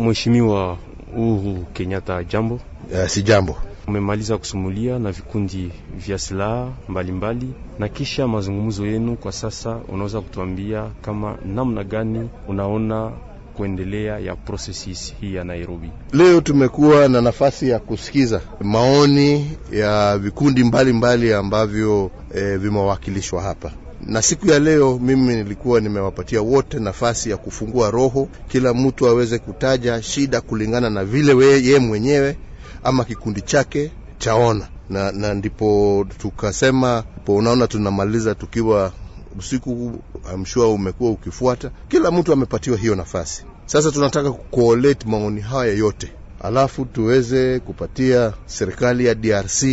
Mheshimiwa Uhuru Kenyatta, jambo. Uh, si jambo. Umemaliza kusumulia na vikundi vya silaha mbalimbali na kisha mazungumzo yenu, kwa sasa unaweza kutuambia kama namna gani unaona kuendelea ya processes hii ya Nairobi. Leo tumekuwa na nafasi ya kusikiza maoni ya vikundi mbalimbali mbali ambavyo e, vimewakilishwa hapa na siku ya leo mimi nilikuwa nimewapatia wote nafasi ya kufungua roho, kila mtu aweze kutaja shida kulingana na vile ye mwenyewe ama kikundi chake chaona, na, na ndipo tukasema po, unaona tunamaliza tukiwa usiku amshua umekuwa ukifuata, kila mtu amepatiwa hiyo nafasi. Sasa tunataka kukoleti maoni haya yote, alafu tuweze kupatia serikali ya DRC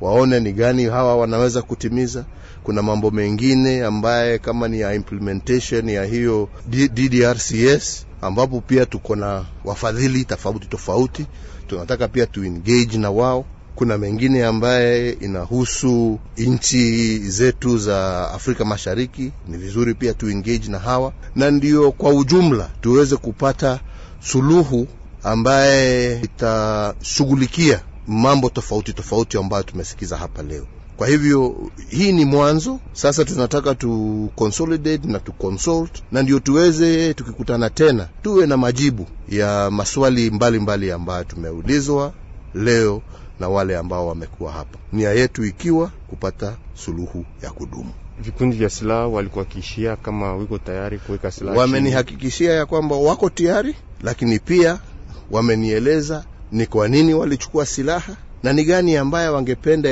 waone ni gani hawa wanaweza kutimiza. Kuna mambo mengine ambaye kama ni ya implementation ya hiyo DDRCS ambapo pia tuko na wafadhili tofauti tofauti, tunataka pia tu engage na wao. Kuna mengine ambaye inahusu nchi zetu za Afrika Mashariki, ni vizuri pia tu engage na hawa, na ndio kwa ujumla tuweze kupata suluhu ambaye itashughulikia mambo tofauti tofauti ambayo tumesikiza hapa leo. Kwa hivyo hii ni mwanzo. Sasa tunataka tu consolidate na tu consult, na ndio tuweze tukikutana tena tuwe na majibu ya maswali mbalimbali ambayo tumeulizwa leo na wale ambao wamekuwa hapa, nia yetu ikiwa kupata suluhu ya kudumu. Vikundi vya silaha walikuhakikishia kama wiko tayari kuweka silaha, wamenihakikishia ya kwamba wako tayari, lakini pia wamenieleza ni kwa nini walichukua silaha na ni gani ambayo wangependa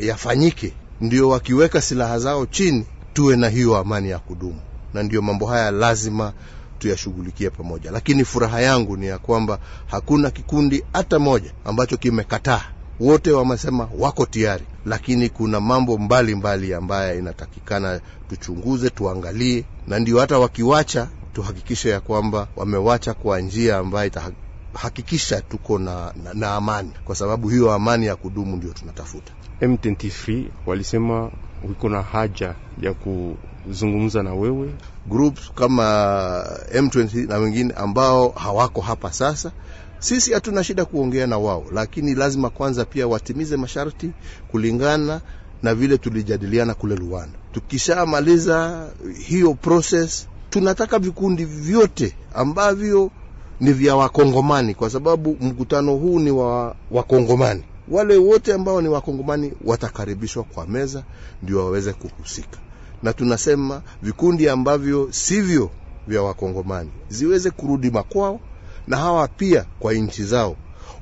yafanyike, ndio wakiweka silaha zao chini tuwe na hiyo amani ya kudumu. Na ndio mambo haya lazima tuyashughulikie pamoja, lakini furaha yangu ni ya kwamba hakuna kikundi hata moja ambacho kimekataa. Wote wamesema wako tayari, lakini kuna mambo mbalimbali ambayo inatakikana tuchunguze, tuangalie, na ndio hata wakiwacha tuhakikishe ya kwamba wamewacha kwa njia ambayo hakikisha tuko na, na, na amani, kwa sababu hiyo amani ya kudumu ndio tunatafuta. M23 walisema uko na haja ya kuzungumza na wewe. Groups kama M23 na wengine ambao hawako hapa sasa sisi hatuna shida kuongea na wao, lakini lazima kwanza pia watimize masharti kulingana na vile tulijadiliana kule Luanda. Tukishamaliza hiyo process, tunataka vikundi vyote ambavyo ni vya Wakongomani, kwa sababu mkutano huu ni wa Wakongomani. Wale wote ambao ni Wakongomani watakaribishwa kwa meza ndio waweze kuhusika, na tunasema vikundi ambavyo sivyo vya Wakongomani ziweze kurudi makwao, na hawa pia kwa nchi zao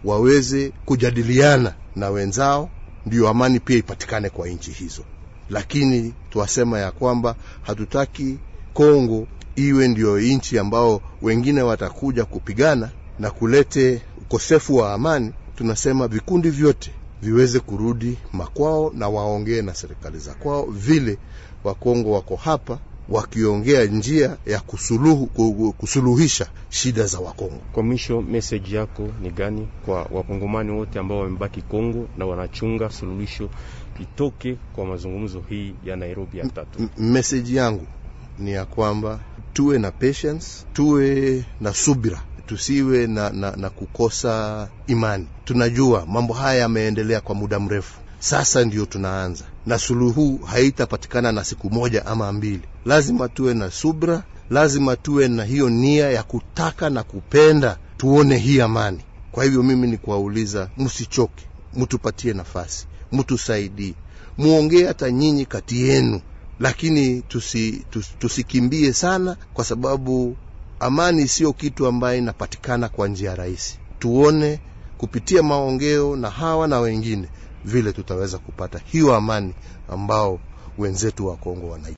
waweze kujadiliana na wenzao, ndio amani pia ipatikane kwa nchi hizo. Lakini tuwasema ya kwamba hatutaki Kongo iwe ndiyo nchi ambao wengine watakuja kupigana na kulete ukosefu wa amani, tunasema vikundi vyote viweze kurudi makwao na waongee na serikali za kwao, vile Wakongo wako hapa wakiongea njia ya kusuluhu, kusuluhisha shida za Wakongo. Kwa mwisho, meseji yako ni gani kwa wakongomani wote ambao wamebaki Kongo na wanachunga suluhisho litoke kwa mazungumzo hii ya Nairobi ya tatu? Meseji yangu ni ya kwamba tuwe na patience, tuwe na subira, tusiwe na, na, na kukosa imani. Tunajua mambo haya yameendelea kwa muda mrefu sasa, ndiyo tunaanza na suluhu. Haitapatikana na siku moja ama mbili, lazima tuwe na subra lazima tuwe na hiyo nia ya kutaka na kupenda tuone hii amani. Kwa hivyo mimi ni kuwauliza, msichoke, mtupatie nafasi, mtusaidie, muongee hata nyinyi kati yenu lakini tusi, tus, tusikimbie sana, kwa sababu amani sio kitu ambaye inapatikana kwa njia rahisi. Tuone kupitia maongeo na hawa na wengine vile tutaweza kupata hiyo amani ambao wenzetu wa Kongo wanai